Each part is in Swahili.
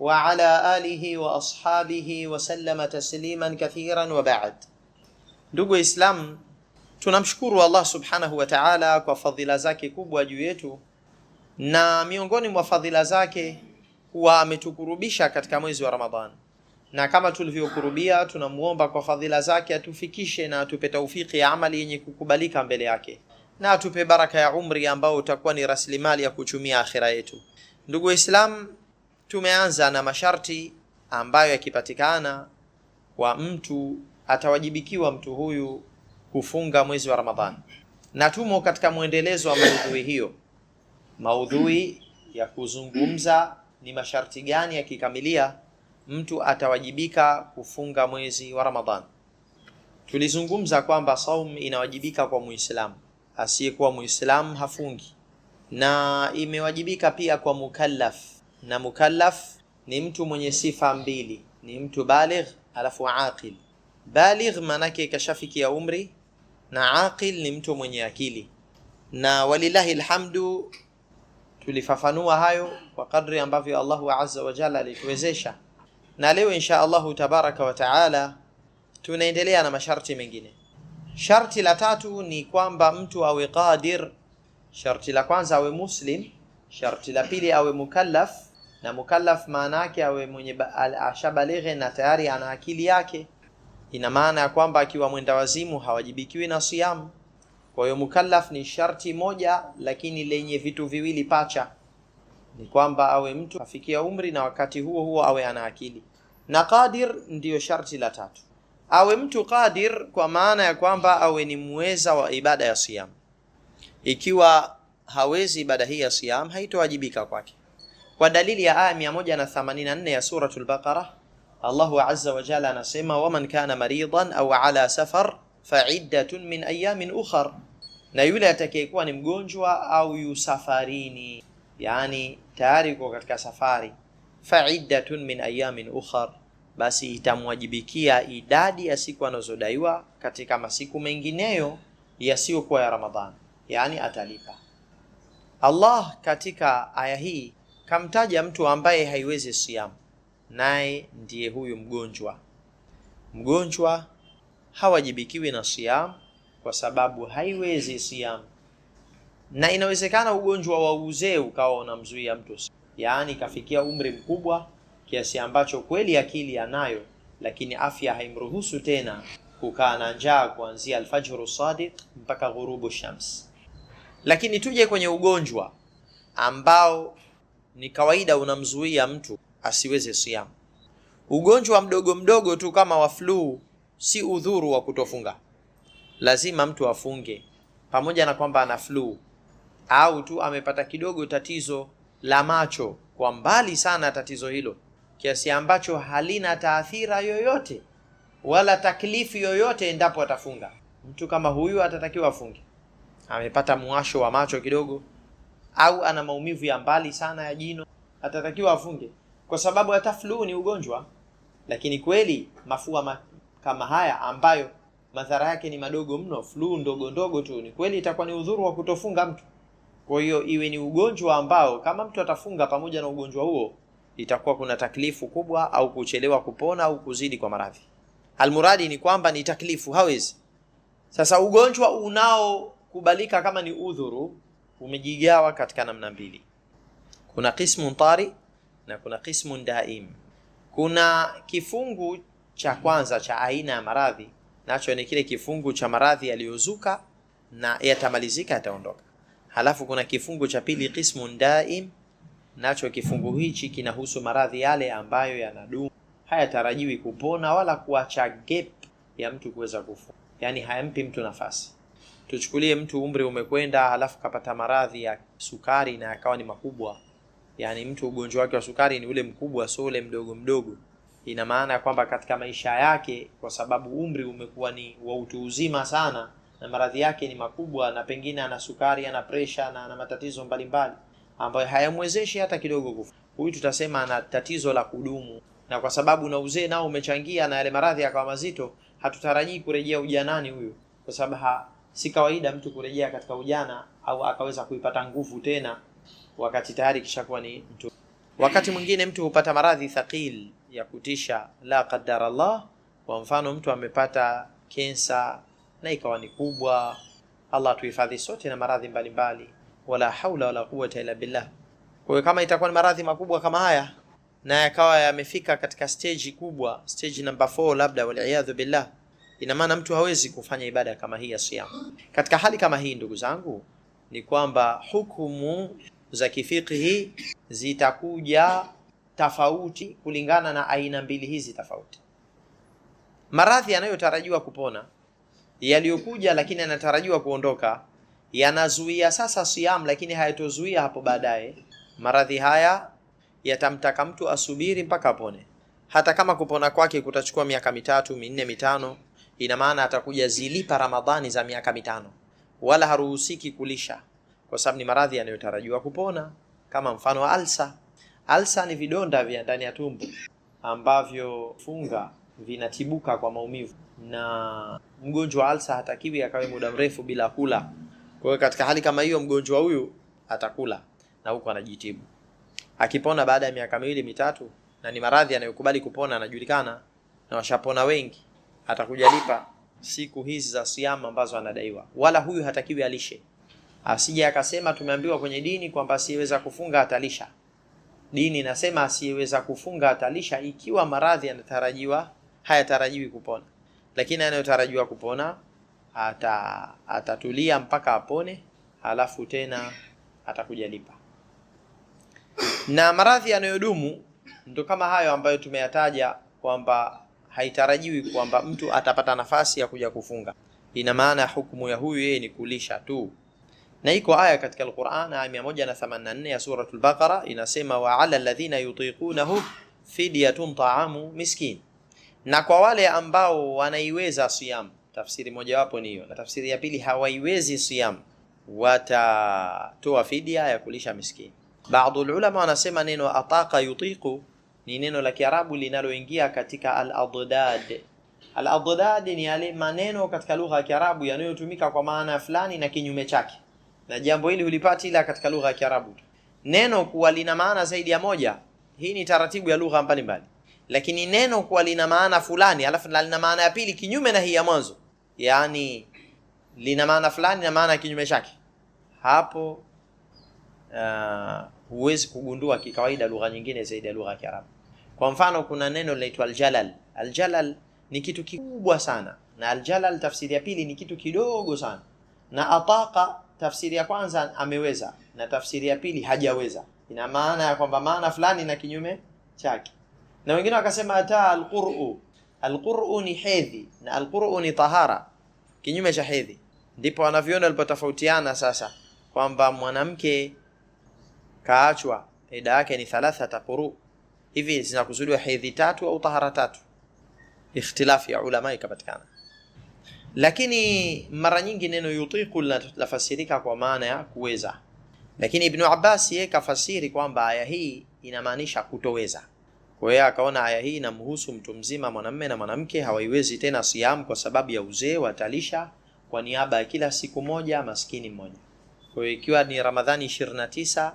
وعلى alihi wa وسلم تسليما كثيرا وبعد دوغو wa Ndugu Islam, tunamshukuru Allah subhanahu wa ta'ala kwa fadhila zake kubwa juu yetu, na miongoni mwa fadhila zake huwa ametukurubisha katika mwezi wa Ramadhan, na kama tulivyokurubia, tunamuomba kwa fadhila zake atufikishe na atupe taufiki ya amali yenye kukubalika mbele yake, na atupe baraka ya umri ambao utakuwa ni rasilimali ya kuchumia akhira yetu. Ndugu Islam, Tumeanza na masharti ambayo yakipatikana kwa mtu atawajibikiwa mtu huyu kufunga mwezi wa Ramadhani, na tumo katika mwendelezo wa maudhui hiyo, maudhui ya kuzungumza ni masharti gani yakikamilia mtu atawajibika kufunga mwezi wa Ramadhani. Tulizungumza kwamba saum inawajibika kwa Muislamu, asiyekuwa Muislamu hafungi, na imewajibika pia kwa mukallaf na mukallaf ni mtu mwenye sifa mbili, ni mtu baligh alafu aqil. Baligh maanake kashafikia umri, na aqil ni mtu mwenye akili. Na walillahi alhamdu, tulifafanua hayo kwa kadri ambavyo Allahu azza wa jalla alituwezesha, na leo insha Allahu tabaraka wa taala tunaendelea na masharti mengine. Sharti la tatu ni kwamba mtu awe qadir. Sharti la kwanza awe muslim, sharti la pili awe mukallaf na mukallaf maana yake awe mwenye ashabalighe na tayari ana akili yake. Ina maana ya kwamba akiwa mwenda wazimu hawajibikiwi na siamu. Kwa hiyo mukallaf ni sharti moja, lakini lenye vitu viwili pacha, ni kwamba awe mtu afikia umri na wakati huo huo awe ana akili, na qadir ndiyo sharti la tatu, awe mtu qadir, kwa maana ya kwamba awe ni muweza wa ibada ya siamu. Ikiwa hawezi ibada hii ya siamu, haitowajibika kwake. Kwa dalili ya aya 184 ya suratul Baqara, Allahu azza wa jalla anasema waman kana maridan au ala safar faiddatun min ayamin ukhar, na yule atakayekuwa ni mgonjwa au yusafarini yani tayari uko katika safari, faiddatun min ayamin ukhar, basi itamwajibikia idadi ya siku anazodaiwa katika masiku mengineyo yasiyokuwa ya Ramadhani, yani atalipa. Allah katika aya hii kamtaja mtu ambaye haiwezi siamu, naye ndiye huyu mgonjwa. Mgonjwa hawajibikiwi na siamu kwa sababu haiwezi siamu, na inawezekana ugonjwa wa uzee ukawa unamzuia mtu, yaani kafikia umri mkubwa kiasi ambacho kweli akili anayo, lakini afya haimruhusu tena kukaa na njaa kuanzia alfajru sadiq mpaka ghurubu shams. Lakini tuje kwenye ugonjwa ambao ni kawaida unamzuia mtu asiweze siamu. Ugonjwa mdogo mdogo tu kama wa flu si udhuru wa kutofunga, lazima mtu afunge, pamoja na kwamba ana flu au tu amepata kidogo tatizo la macho, kwa mbali sana tatizo hilo kiasi ambacho halina taathira yoyote wala taklifu yoyote endapo atafunga. Mtu kama huyu atatakiwa afunge, amepata mwasho wa macho kidogo au ana maumivu ya mbali sana ya jino, atatakiwa afunge, kwa sababu hata flu ni ugonjwa. Lakini kweli mafua ma, kama haya ambayo madhara yake ni madogo mno, flu ndogo ndogo tu, ni kweli itakuwa ni udhuru wa kutofunga mtu. Kwa hiyo iwe ni ugonjwa ambao kama mtu atafunga pamoja na ugonjwa huo, itakuwa kuna taklifu kubwa au kuchelewa kupona au kuzidi kwa maradhi. Almuradi ni kwamba ni taklifu, hawezi sasa. Ugonjwa unaokubalika kama ni udhuru umejigawa katika namna mbili, kuna qismu tari na kuna qismu daim. Kuna kifungu cha kwanza cha aina ya maradhi, nacho ni kile kifungu cha maradhi yaliyozuka na yatamalizika, yataondoka. Halafu kuna kifungu cha pili qismu daim, nacho kifungu hichi kinahusu maradhi yale ambayo yanadumu, hayatarajiwi kupona wala kuacha gap ya mtu kuweza kufa, yani hayampi mtu nafasi tuchukulie mtu umri umekwenda, alafu kapata maradhi ya sukari na yakawa ni makubwa, yani mtu ugonjwa wake wa sukari ni ule mkubwa, sio ule mdogo mdogo. Ina maana kwamba katika maisha yake, kwa sababu umri umekuwa ni wa utu uzima sana na maradhi yake ni makubwa, na pengine ana sukari, ana presha na ana matatizo mbalimbali ambayo hayamwezeshi hata kidogo kufa, huyu tutasema ana tatizo la kudumu. Na kwa sababu na uzee nao umechangia na yale maradhi yakawa mazito, hatutarajii kurejea ujanani huyu, kwa sababu si kawaida mtu kurejea katika ujana au akaweza kuipata nguvu tena wakati tayari kishakuwa ni mtu. Wakati mwingine mtu hupata maradhi thaqil ya kutisha, la qadara Allah. Kwa mfano mtu amepata kensa na ikawa ni kubwa. Allah tuhifadhi sote na maradhi mbalimbali, wala haula wala quwwata illa billah. Kwa hiyo kama itakuwa ni maradhi makubwa kama haya na yakawa yamefika katika stage kubwa, stage number 4 labda, wal iyadhu billah ina maana mtu hawezi kufanya ibada kama hii ya siamu. Katika hali kama hii, ndugu zangu, ni kwamba hukumu za kifiqhi zitakuja tofauti kulingana na aina mbili hizi tofauti. Maradhi yanayotarajiwa kupona yaliyokuja, lakini yanatarajiwa kuondoka, yanazuia sasa siamu, lakini hayatozuia hapo baadaye. Maradhi haya yatamtaka mtu asubiri mpaka apone, hata kama kupona kwake kutachukua miaka mitatu minne mitano ina maana atakuja zilipa Ramadhani za miaka mitano, wala haruhusiki kulisha, kwa sababu ni maradhi yanayotarajiwa kupona, kama mfano wa alsa. Alsa ni vidonda vya ndani ya tumbo ambavyo funga vinatibuka kwa maumivu, na mgonjwa alsa hatakiwi akawe muda mrefu bila kula. Kwa hiyo katika hali kama hiyo, mgonjwa huyu atakula na huko anajitibu, akipona baada ya miaka miwili mitatu, na ni maradhi yanayokubali kupona, anajulikana na washapona wengi atakujalipa siku hizi za siama ambazo anadaiwa, wala huyu hatakiwi alishe, asije akasema tumeambiwa kwenye dini kwamba asiyeweza kufunga atalisha. Dini nasema asiyeweza kufunga atalisha ikiwa maradhi yanatarajiwa hayatarajiwi kupona, lakini anayotarajiwa kupona ata, atatulia mpaka apone, halafu tena atakujalipa. Na maradhi yanayodumu ndo kama hayo ambayo tumeyataja kwamba haitarajiwi kwamba mtu atapata nafasi ya kuja kufunga. Ina maana hukumu ya huyu yeye ni kulisha tu, na iko aya katika Al-Qur'an aya 184 ya suratul Baqara inasema, wa ala alladhina yutiqunahu fidyatun ta'amu miskin, na kwa wale ambao wanaiweza siyam. Tafsiri mojawapo ni hiyo, na tafsiri ya pili hawaiwezi siyam, watatoa fidia ya kulisha miskini. Baadhi ulama wanasema neno ataka yutiqu ni neno la Kiarabu linaloingia katika al-adad. Al-adad ni yale maneno katika lugha ya Kiarabu yanayotumika kwa maana fulani na kinyume chake, na jambo hili hulipati ila katika lugha ya Kiarabu Neno kuwa lina maana zaidi ya moja, hii ni taratibu ya lugha mbalimbali, lakini neno kuwa lina maana fulani alafu lina maana ya pili kinyume na hii ya mwanzo, yani lina maana fulani na maana kinyume chake hapo uh, huwezi kugundua kikawaida lugha nyingine zaidi ya lugha ya Kiarabu. Kwa mfano, kuna neno linaitwa aljalal. Aljalal ni kitu kikubwa sana, na aljalal tafsiri ya pili ni kitu kidogo sana, na ataka tafsiri ya kwanza ameweza, na tafsiri ya pili hajaweza. Ina maana ya kwamba maana fulani na kinyume chake. Na wengine wakasema ata alquru. Alquru ni hedhi na alquru ni tahara, kinyume cha hedhi. Ndipo wanavyoona walipotofautiana sasa kwamba mwanamke kaachwa, ida yake ni thalathata quru. Hivi zinakusudiwa hedhi tatu au tahara tatu? Ikhtilafu ya ulama ikapatikana, lakini mara nyingi neno yutiqu lafasirika kwa maana ya kuweza, lakini Ibnu Abbas yeye kafasiri kwamba aya hii inamaanisha kutoweza. Kwa hiyo akaona aya hii inamhusu mtu mzima, mwanamme na mwanamke hawaiwezi tena siamu kwa sababu ya uzee, watalisha kwa niaba ya kila siku moja maskini mmoja. Kwa hiyo ikiwa ni Ramadhani 29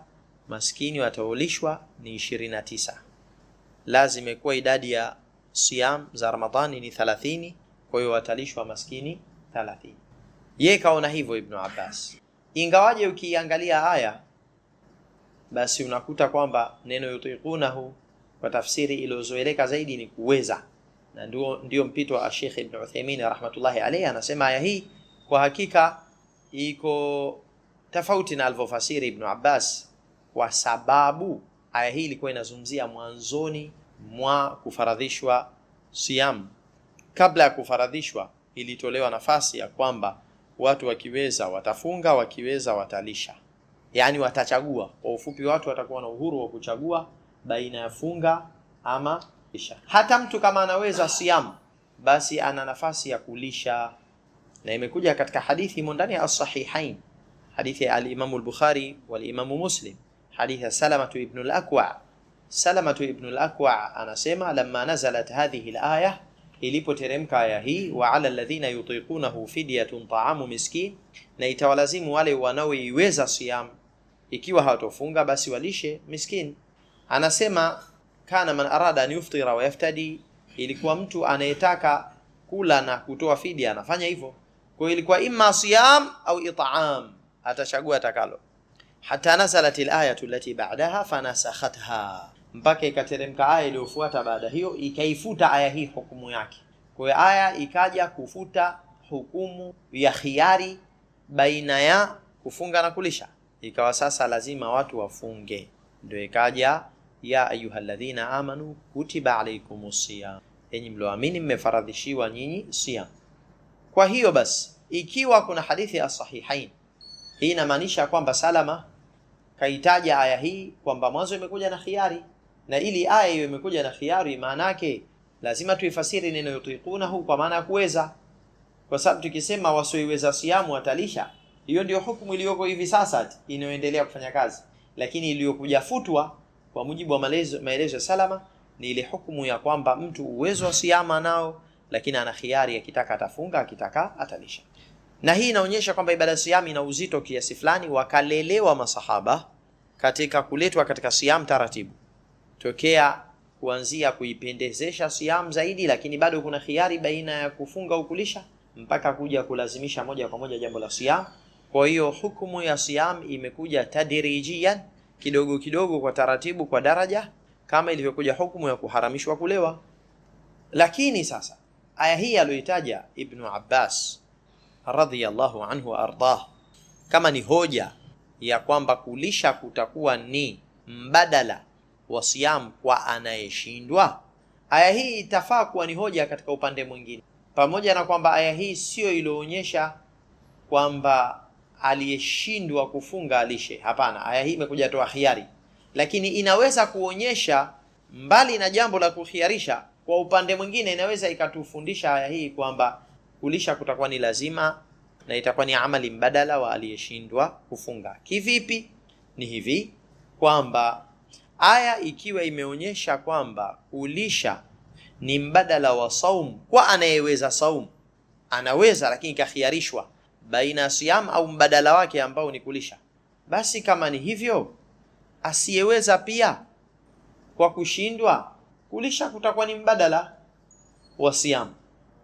maskini wataulishwa ni 29. Lazima kuwa idadi ya siam za Ramadhani ni 30, kwa hiyo watalishwa maskini 30. Ye kaona hivyo Ibnu Abbas, ingawaje ukiangalia aya basi unakuta kwamba neno yutiqunahu kwa tafsiri iliyozoeleka zaidi ni kuweza, na ndio, ndio mpito wa Sheikh Ibn Uthaymeen rahmatullahi alayhi, anasema aya hii kwa hakika iko tofauti na alivyofasiri Ibn Abbas kwa sababu aya hii ilikuwa inazungumzia mwanzoni mwa kufaradhishwa siam. Kabla ya kufaradhishwa, ilitolewa nafasi ya kwamba watu wakiweza watafunga, wakiweza watalisha, yaani watachagua. Kwa ufupi, watu watakuwa na uhuru wa kuchagua baina ya funga ama lisha. Hata mtu kama anaweza siam, basi ana nafasi ya kulisha, na imekuja katika hadithi mo ndani ya sahihain hadithi ya al-Imamu al-Bukhari wal-Imamu Muslim hadithi ya Salamatu ibn al-Akwa. Salamatu ibn al-Akwa anasema lamma nazalat hadhihi al-aya, ilipoteremka aya hii, wa ala alladhina yutiqunahu fidyatun ta'amu miskin, na itawalazimu wale wanaoiweza siyam, ikiwa hawatofunga basi walishe miskin. Anasema kana man arada an yuftira wa yaftadi, ilikuwa mtu anayetaka kula na kutoa fidia anafanya hivyo. Kwa hiyo ilikuwa imma siyam au itam atachagua atakalo hatta nazalat alayatu allati ba'daha fanasakhatha, mpaka ikateremka aya iliyofuata baada hiyo ikaifuta aya hii hukumu yake. Kwa hiyo aya ikaja kufuta hukumu ya khiari baina ya kufunga na kulisha, ikawa sasa lazima watu wafunge. Ndio ikaja ya ayyuhalladhina amanu kutiba alaykumus siyam, enyi mlioamini mmefaradhishiwa nyinyi siyam. Kwa hiyo basi, ikiwa kuna hadithi ya sahihain, hii inamaanisha kwamba Salama kaitaja aya hii kwamba mwanzo imekuja na khiari, na ili aya hiyo imekuja na khiari, maana yake lazima tuifasiri neno yutiqunahu kwa maana ya kuweza, kwa sababu tukisema wasioiweza siamu watalisha, hiyo ndio hukumu iliyoko hivi sasa inayoendelea kufanya kazi, lakini iliyokuja futwa kwa mujibu wa maelezo ya Salama ni ile hukumu ya kwamba mtu uwezo wa siama nao, lakini ana khiari, akitaka atafunga, akitaka atalisha na hii inaonyesha kwamba ibada ya siam ina uzito kiasi fulani. Wakalelewa masahaba katika kuletwa katika siam taratibu, tokea kuanzia kuipendezesha siam zaidi, lakini bado kuna khiari baina ya kufunga ukulisha mpaka kuja kulazimisha moja kwa moja jambo la siam. Kwa hiyo hukumu ya siam imekuja tadrijian kidogo kidogo, kwa taratibu, kwa daraja, kama ilivyokuja hukumu ya kuharamishwa kulewa. Lakini sasa aya hii aliyoitaja Ibnu Abbas radhiallahu anhu ardah, kama ni hoja ya kwamba kulisha kutakuwa ni mbadala wa siamu kwa anayeshindwa, aya hii itafaa kuwa ni hoja katika upande mwingine, pamoja na kwamba aya hii siyo iliyoonyesha kwamba aliyeshindwa kufunga alishe. Hapana, aya hii imekuja toa khiari, lakini inaweza kuonyesha mbali na jambo la kukhiarisha, kwa upande mwingine inaweza ikatufundisha aya hii kwamba kulisha kutakuwa ni lazima na itakuwa ni amali mbadala wa aliyeshindwa kufunga. Kivipi? Ni hivi kwamba aya ikiwa imeonyesha kwamba kulisha ni mbadala wa saum kwa anayeweza saum anaweza lakini ikakhiarishwa baina ya siyam au mbadala wake ambao ni kulisha, basi kama ni hivyo, asiyeweza pia kwa kushindwa kulisha kutakuwa ni mbadala wa siyam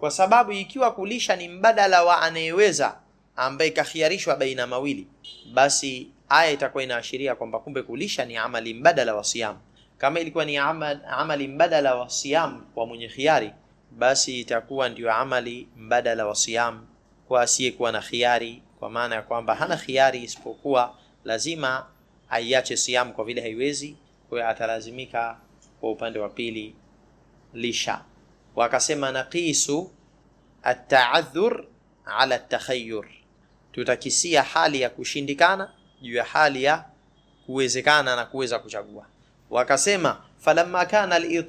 kwa sababu ikiwa kulisha ni mbadala wa anayeweza ambaye ikakhiarishwa baina mawili, basi aya itakuwa inaashiria kwamba kumbe kulisha ni amali mbadala wa siam. Kama ilikuwa ni amal, amali mbadala wa siam kwa mwenye khiari, basi itakuwa ndio amali mbadala wa siam kwa asiyekuwa na khiari, kwa maana ya kwamba hana khiari isipokuwa lazima aiache siam, kwa vile haiwezi, kwa atalazimika kwa upande wa pili lisha wakasema naqisu ataadhur ala takhayyur, tutakisia hali ya kushindikana juu ya hali ya kuwezekana na kuweza kuchagua. Wakasema falamma kana al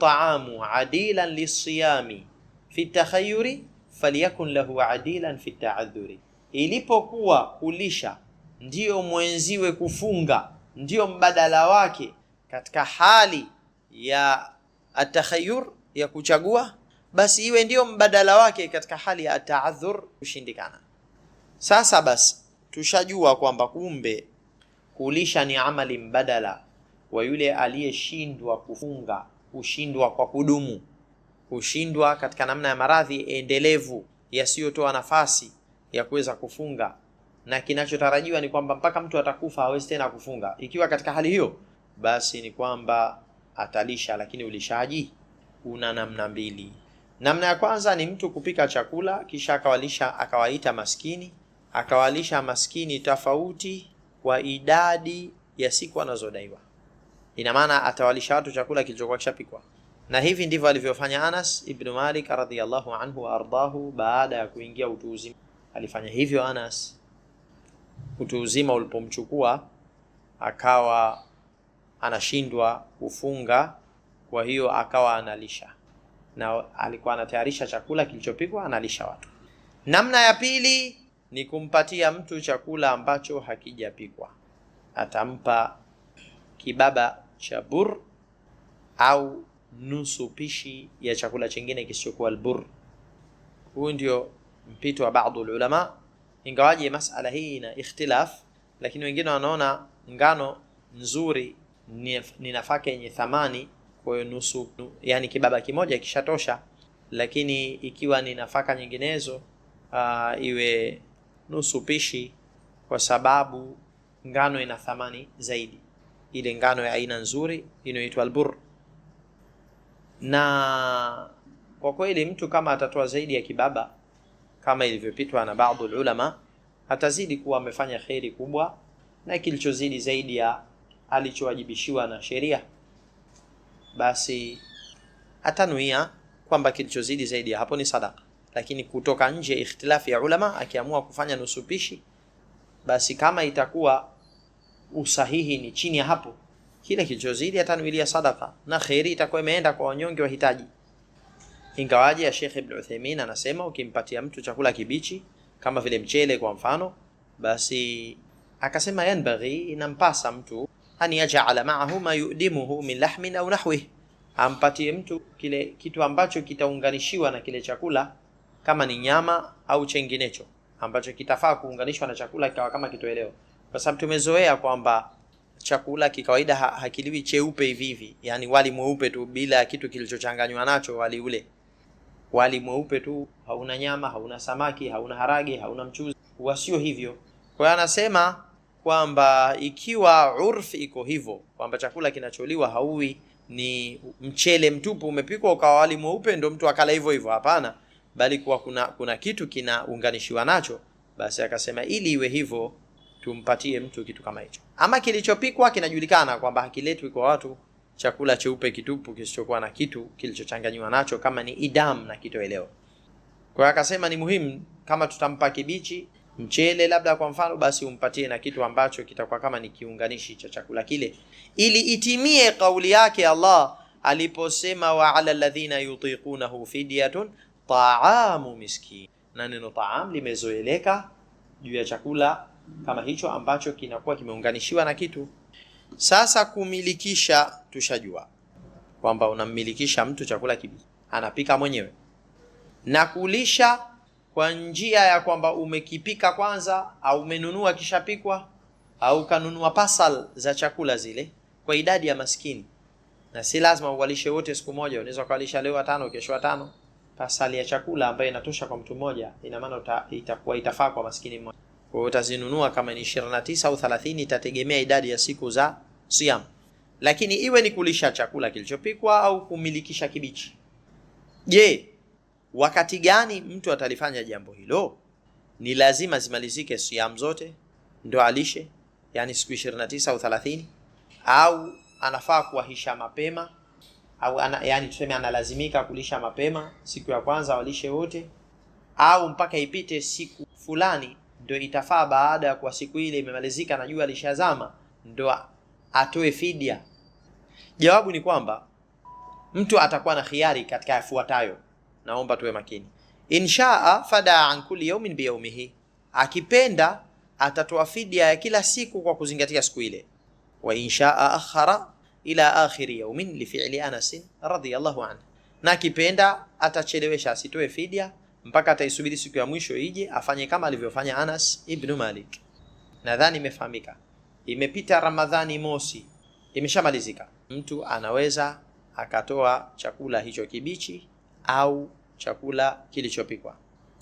adilan lisiyami fi takhayyuri falyakun lahu adilan fi taadhuri, ilipokuwa kulisha ndiyo mwenziwe kufunga ndiyo mbadala wake katika hali ya atakhayur ya kuchagua basi iwe ndiyo mbadala wake katika hali ya taadhur kushindikana. Sasa basi tushajua kwamba kumbe kulisha ni amali mbadala wa yule aliyeshindwa kufunga, kushindwa kwa kudumu, kushindwa katika namna ya maradhi endelevu yasiyotoa nafasi ya kuweza kufunga, na kinachotarajiwa ni kwamba mpaka mtu atakufa hawezi tena kufunga. Ikiwa katika hali hiyo, basi ni kwamba atalisha, lakini ulishaji una namna mbili. Namna ya kwanza ni mtu kupika chakula kisha akawalisha akawaita maskini, akawalisha maskini tofauti kwa idadi ya siku anazodaiwa. Ina maana atawalisha watu chakula kilichokuwa kishapikwa, na hivi ndivyo alivyofanya Anas ibn Malik radhiyallahu anhu wa ardahu. Baada ya kuingia utu uzima alifanya hivyo Anas. Utu uzima ulipomchukua akawa anashindwa kufunga, kwa hiyo akawa analisha na alikuwa anatayarisha chakula kilichopikwa analisha watu. Namna ya pili ni kumpatia mtu chakula ambacho hakijapikwa. Atampa kibaba cha bur au nusu pishi ya chakula chingine kisichokuwa albur. Huu ndio mpito wa baadhi ya ulama, ingawaje masala hii ina ikhtilaf, lakini wengine wanaona ngano nzuri ni nafaka yenye thamani kwa hiyo nusu, yani kibaba kimoja kishatosha, lakini ikiwa ni nafaka nyinginezo uh, iwe nusu pishi, kwa sababu ngano ina thamani zaidi, ile ngano ya aina nzuri inayoitwa albur. Na kwa kweli mtu kama atatoa zaidi ya kibaba kama ilivyopitwa na baadhi ulama, atazidi kuwa amefanya kheri kubwa, na kilichozidi zaidi ya alichowajibishiwa na sheria basi atanuia kwamba kilichozidi zaidi ya hapo ni sadaka, lakini kutoka nje, ikhtilafi ya ulama, akiamua kufanya nusupishi basi kama itakuwa usahihi ni chini ya hapo, kile kilichozidi atanuilia sadaka na kheri itakuwa imeenda kwa wanyonge wahitaji. Ingawaje ya Sheikh Ibn Uthaymeen anasema ukimpatia mtu chakula kibichi kama vile mchele kwa mfano, basi akasema yanbaghi, inampasa mtu an yaj'ala ma'ahu ma yu'dimuhu min lahmin au nahwihi, ampatie mtu kile kitu ambacho kitaunganishiwa na kile chakula, kama ni nyama au chenginecho ambacho kitafaa kuunganishwa na chakula kikawa kama kitoeleo, kwa sababu tumezoea kwamba chakula kikawaida ha hakiliwi cheupe hivi hivi, yani wali mweupe tu bila kitu kilichochanganywa nacho. Wali ule wali mweupe tu, hauna nyama, hauna samaki, hauna harage, hauna mchuzi, huwa sio hivyo. Kwa hiyo anasema kwamba ikiwa urf iko hivyo kwamba chakula kinacholiwa hauwi ni mchele mtupu umepikwa ukawa wali mweupe ndo mtu akala hivyo hivyo, hapana, bali kuwa kuna, kuna kitu kinaunganishiwa nacho. Basi akasema ili iwe hivyo tumpatie mtu kitu kama hicho, ama kilichopikwa kinajulikana kwamba hakiletwi kwa watu chakula cheupe kitupu kisichokuwa na kitu kilichochanganywa nacho, kama ni idam na kitoeleo Kwa akasema ni muhimu kama tutampa kibichi mchele labda kwa mfano, basi umpatie na kitu ambacho kitakuwa kama ni kiunganishi cha chakula kile, ili itimie kauli yake Allah aliposema wa ala alladhina yutiqunahu fidyatun taamu miskin, na neno taam limezoeleka juu ya chakula kama hicho ambacho kinakuwa kimeunganishiwa na kitu. Sasa kumilikisha, tushajua kwamba unammilikisha mtu chakula kibichi, anapika mwenyewe na kulisha kwa njia ya kwamba umekipika kwanza, au umenunua kishapikwa, au kanunua pasal za chakula zile kwa idadi ya maskini, na si lazima uwalishe wote siku moja. Unaweza kuwalisha leo watano, kesho watano. Pasali ya chakula ambayo inatosha kwa mtu mmoja, ina maana itakuwa itafaa kwa maskini mmoja. Kwa hiyo utazinunua kama ni 29 au 30, itategemea idadi ya siku za siam, lakini iwe ni kulisha chakula kilichopikwa au kumilikisha kibichi. Je, Wakati gani mtu atalifanya jambo hilo? Ni lazima zimalizike siamu zote ndo alishe, yani siku 29 au 30, au anafaa kuwahisha mapema au ana, yani tuseme analazimika kulisha mapema siku ya kwanza walishe wote, au mpaka ipite siku fulani ndo itafaa, baada ya kuwa siku ile imemalizika na jua lishazama ndo atoe fidia. Jawabu ni kwamba mtu atakuwa na khiari katika yafuatayo naomba tuwe makini. Inshaa fadaa an kulli yawmin biyawmihi, akipenda atatoa fidia ya kila siku kwa kuzingatia siku ile. Wa inshaa akhara ila akhiri yawmin li fi'li Anas radhiyallahu anhu, na akipenda atachelewesha asitoe fidia mpaka ataisubiri siku ya mwisho ije afanye kama alivyofanya Anas ibn Malik. Nadhani imefahamika. Imepita Ramadhani mosi, imeshamalizika. Mtu anaweza akatoa chakula hicho kibichi au chakula kilichopikwa.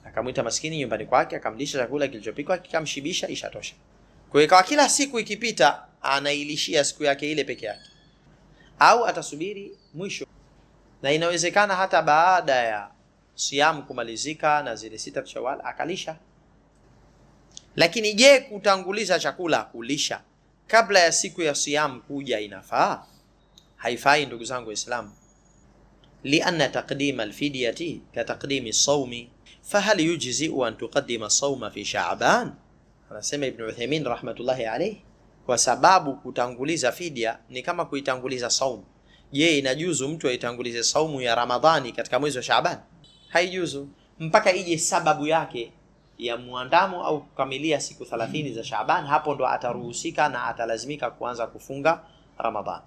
Akamwita maskini nyumbani kwake, akamlisha chakula kilichopikwa, kikamshibisha, ishatosha. Kwa hiyo kila siku ikipita, anailishia siku yake ile peke yake, au atasubiri mwisho, na inawezekana hata baada ya siamu kumalizika na zile sita Shawal akalisha. Lakini je, kutanguliza chakula kulisha kabla ya siku ya siamu kuja inafaa? Haifai, ndugu zangu Waislamu. لأن تقديم الفدية كتقديم الصوم فهل يجزئ أن تقدم الصوم في شعبان anasema Ibn Uthaymeen rahmatullahi alayh, kwa sababu kutanguliza fidia ni kama kuitanguliza saumu. Je, inajuzu mtu aitangulize saumu ya Ramadhani katika mwezi wa shaban Haijuzu mpaka ije sababu yake ya muandamo au kukamilia siku 30 za Shaaban, hapo ndo ataruhusika na atalazimika kuanza kufunga Ramadhani.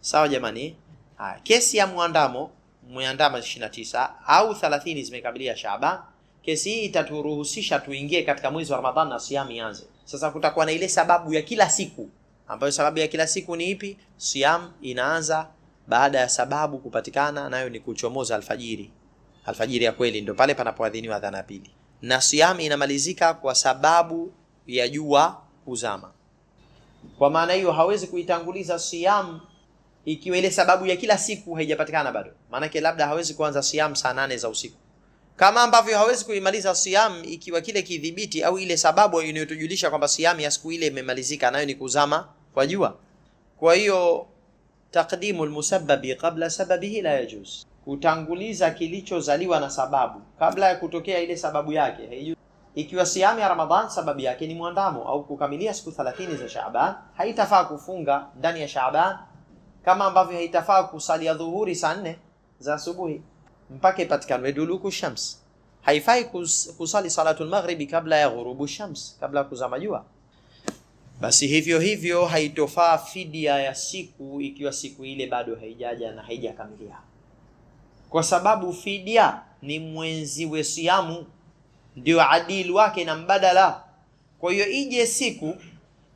Sawa jamani? Haya, kesi ya muandamo mwandama 29 au 30 zimekabilia Shaaban, kesi hii itaturuhusisha tuingie katika mwezi wa Ramadhani na siamu ianze. Sasa kutakuwa na ile sababu ya kila siku, ambayo sababu ya kila siku ni ipi? Siamu inaanza baada ya sababu kupatikana, nayo ni kuchomoza alfajiri. Alfajiri ya kweli ndio pale panapoadhiniwa adhana pili, na siamu inamalizika kwa sababu ya jua kuzama. Kwa maana hiyo hawezi kuitanguliza siamu ikiwa ile sababu ya kila siku haijapatikana bado, maanake labda hawezi kuanza siam saa nane za usiku, kama ambavyo hawezi kuimaliza siam ikiwa kile kidhibiti au ile sababu inayotujulisha kwamba siam ya siku ile imemalizika, nayo ni kuzama kwa jua. Kwa hiyo taqdimu lmusababi qabla sababihi la yajuz, kutanguliza kilichozaliwa na sababu kabla ya kutokea ile sababu yake haiju. Ikiwa siamu ya Ramadhan sababu yake ni mwandamo au kukamilia siku 30 za Shaaban, haitafaa kufunga ndani ya Shaaban kama ambavyo haitafaa kusalia dhuhuri saa nne za asubuhi mpaka ipatikanwe duluku shams. Haifai kusali salatul maghribi kabla ya ghurubu shams, kabla ya kuzama jua. Basi hivyo hivyo haitofaa fidia ya siku ikiwa siku ile bado haijaja na haijakamilia, kwa sababu fidia ni mwenzi wa siamu, ndio adil wake na mbadala. Kwa hiyo ije siku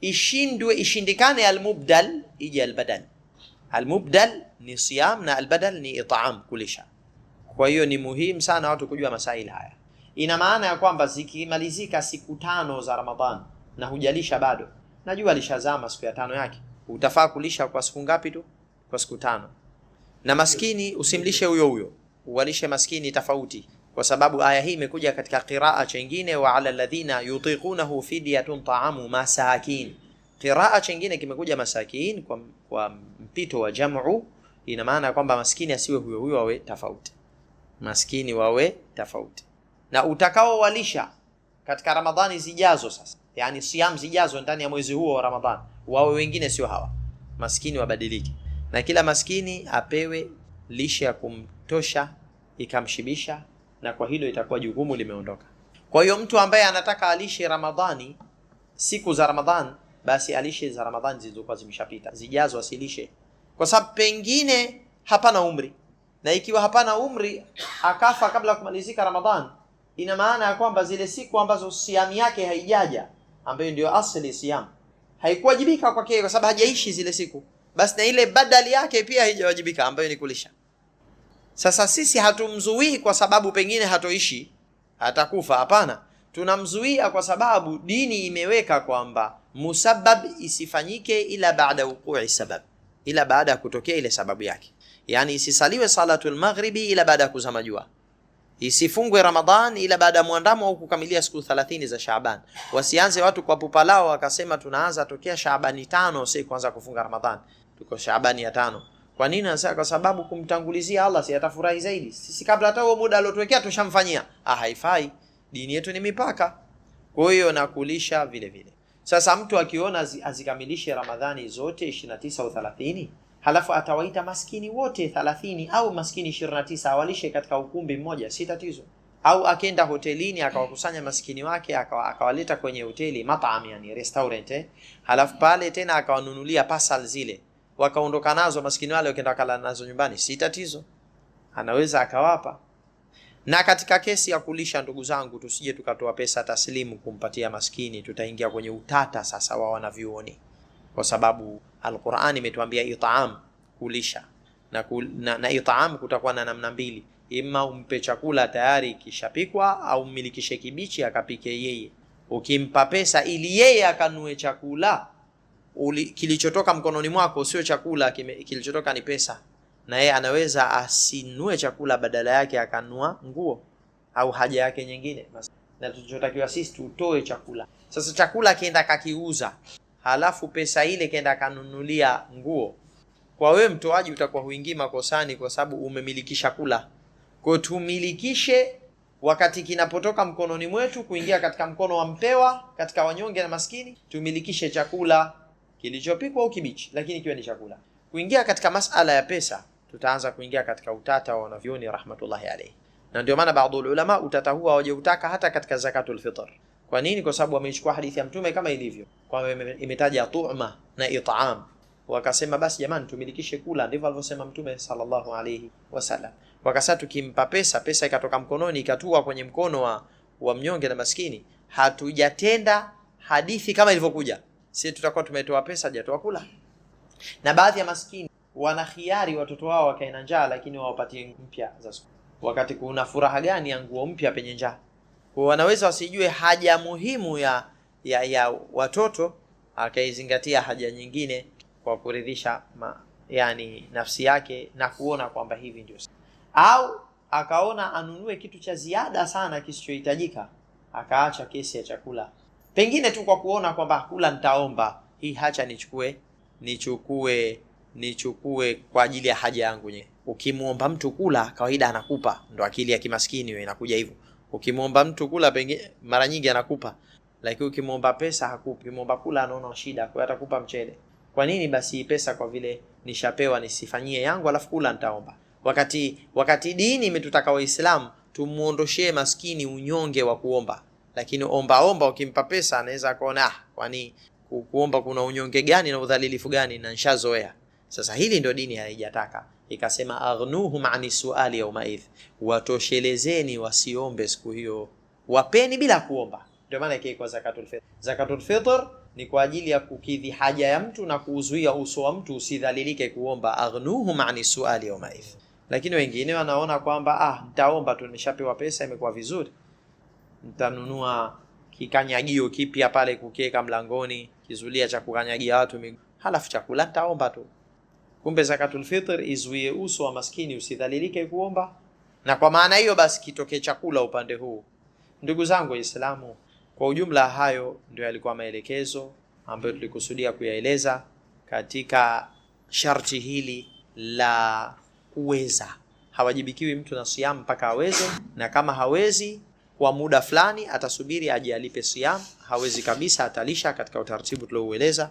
ishindwe, ishindikane almubdal, ije albadal Almubdal ni siyam na albadal ni itaam, kulisha. Kwa hiyo ni muhimu sana watu kujua masaili haya. Ina maana ya kwamba zikimalizika siku tano za Ramadhan na hujalisha bado, najua alishazama siku ya tano yake, utafaa kulisha kwa siku ngapi tu? Kwa siku tano. Na maskini usimlishe huyo huyo, uwalishe maskini tofauti, kwa sababu aya hii imekuja katika qiraa chengine, wa ala alladhina yutiqunahu fidyatun taamu masakin Qiraa chengine kimekuja masakin kwa, kwa mpito wa jamu, ina maana kwamba maskini asiwe huyo huyo, wawe tofauti, maskini wawe tofauti. Na utakaowalisha katika Ramadhani zijazo sasa, yani siam zijazo ndani ya mwezi huo wa Ramadhani, wawe wengine sio hawa maskini, wabadilike na kila maskini apewe lishe ya kumtosha ikamshibisha, na kwa hilo itakuwa jukumu limeondoka. Kwa hiyo mtu ambaye anataka alishe Ramadhani siku za Ramadhani basi alishe za Ramadhani zilizokuwa zimeshapita zijazo asilishe, kwa sababu pengine hapana umri, na ikiwa hapana umri akafa kabla ya kumalizika Ramadhani, ina maana ya kwamba zile siku ambazo siamu yake haijaja, ambayo ndio asli siamu, haikuwajibika kwake kwa sababu hajaishi zile siku, basi na ile badali yake pia haijawajibika, ambayo ni kulisha. Sasa sisi hatumzuii kwa sababu pengine hatoishi, atakufa Hapana, tunamzuia kwa sababu dini imeweka kwamba musabab isifanyike ila baada wuqui sabab, ila baada ya kutokea ile sababu yake. Yani isisaliwe salatul maghribi ila baada ya kuzama jua, isifungwe Ramadhan ila baada ya mwandamo au kukamilia siku 30 za Shaaban. Wasianze watu kwa pupa lao wakasema tunaanza tokea Shaabani tano, si kuanza kufunga Ramadhan, tuko Shaabani ya tano. Kwa nini anasema? Kwa sababu kumtangulizia Allah, si atafurahi zaidi? Sisi kabla hata huo muda aliotuwekea tushamfanyia. Ah, haifai. Dini yetu ni mipaka, kwa hiyo nakulisha vile vile. Sasa mtu akiona azikamilishe Ramadhani zote 29 au 30, halafu atawaita maskini wote 30 au maskini 29 awalishe katika ukumbi mmoja, si tatizo. Au akenda hotelini akawakusanya maskini wake akawaleta kwenye hoteli mataam yani restaurant eh, halafu pale tena akawanunulia pasal zile, wakaondoka nazo maskini wale, wakaenda wakala nazo nyumbani, si tatizo, anaweza akawapa na katika kesi ya kulisha, ndugu zangu, tusije tukatoa pesa taslimu kumpatia maskini, tutaingia kwenye utata sasa wa wanavyuoni, kwa sababu al quran imetuambia itaam, kulisha na, kul, na, na itaam kutakuwa na namna mbili, ima umpe chakula tayari kishapikwa, au mmilikishe kibichi akapike yeye. Ukimpa pesa ili yeye akanue chakula, kilichotoka mkononi mwako sio chakula, kilichotoka ni pesa na yeye anaweza asinue chakula, badala yake akanua nguo au haja yake nyingine, na tulichotakiwa sisi tutoe chakula. Sasa chakula kienda kakiuza, halafu pesa ile kienda kanunulia nguo, kwa wewe mtoaji utakuwa huingii makosani, kwa sababu umemilikisha kula. Kwa tumilikishe wakati kinapotoka mkononi mwetu kuingia katika mkono wa mpewa, katika wanyonge na maskini, tumilikishe chakula kilichopikwa au kibichi, lakini kiwe ni chakula. Kuingia katika masala ya pesa tutaanza kuingia katika utata wa wanavyoni rahmatullahi alayhi, na ndio maana baadhi ulama utata waje utaka hata katika zakatul fitr. Kwa nini? Kwa sababu wameichukua hadithi ya Mtume kama ilivyo, kwa imetaja tu'ma na it'am, wakasema basi jamani, tumilikishe kula. Ndivyo alivyosema Mtume sallallahu alayhi wasallam. Wakasema tukimpa pesa, pesa ikatoka mkononi ikatua kwenye mkono wa, wa mnyonge na maskini, hatujatenda hadithi kama ilivyokuja, sisi tutakuwa tumetoa pesa, hajatoa kula. Na baadhi ya maskini wanahiari watoto wao wakaena njaa, lakini wawapatie mpya za siku. Wakati kuna furaha gani ya nguo mpya penye njaa? Kwa wanaweza wasijue haja muhimu ya ya, ya watoto, akaizingatia haja nyingine kwa kuridhisha ma, yani nafsi yake na kuona kwamba hivi ndio, au akaona anunue kitu cha ziada sana kisichohitajika, akaacha kesi ya chakula, pengine tu kwa kuona kwamba kula nitaomba hii, hacha nichukue nichukue nichukue kwa ajili ya haja yangu nye. Ukimwomba mtu kula kawaida anakupa, ndo akili ya kimaskini hiyo inakuja hivyo. Ukimwomba mtu kula pengine mara nyingi anakupa, lakini ukimwomba pesa hakupi. Ukimwomba kula anaona shida, kwa atakupa mchele. Kwa nini basi pesa, kwa vile nishapewa nisifanyie yangu, alafu kula nitaomba? Wakati wakati dini imetutaka Waislamu tumuondoshee maskini unyonge wa kuomba, lakini omba omba, ukimpa pesa anaweza kuona ah, kwani kuomba kuna unyonge gani na udhalilifu gani? na nshazoea sasa hili ndio dini haijataka, ikasema aghnuhum ani suali yaumaidh, watoshelezeni wasiombe siku hiyo, wapeni bila kuomba. Ndio maana ikiwa zakatul fitr, zakatul fitr ni kwa ajili ya kukidhi haja ya mtu na kuuzuia uso wa mtu usidhalilike kuomba. Aghnuhum ani suali yaumaidh. Lakini wengine wanaona kwamba ah, nitaomba tu, nimeshapewa pesa, imekuwa vizuri, nitanunua kikanyagio kipya pale kukiweka mlangoni, kizulia cha kukanyagia watu halafu chakula nitaomba tu. Kumbe zakatul fitr izuie uso wa maskini usidhalilike kuomba, na kwa maana hiyo basi kitokee chakula upande huu. Ndugu zangu Waislamu, kwa ujumla, hayo ndio yalikuwa maelekezo ambayo tulikusudia kuyaeleza katika sharti hili la kuweza. Hawajibikiwi mtu na siamu mpaka aweze, na kama hawezi kwa muda fulani atasubiri aje alipe siamu. Hawezi kabisa, atalisha katika utaratibu tulioueleza.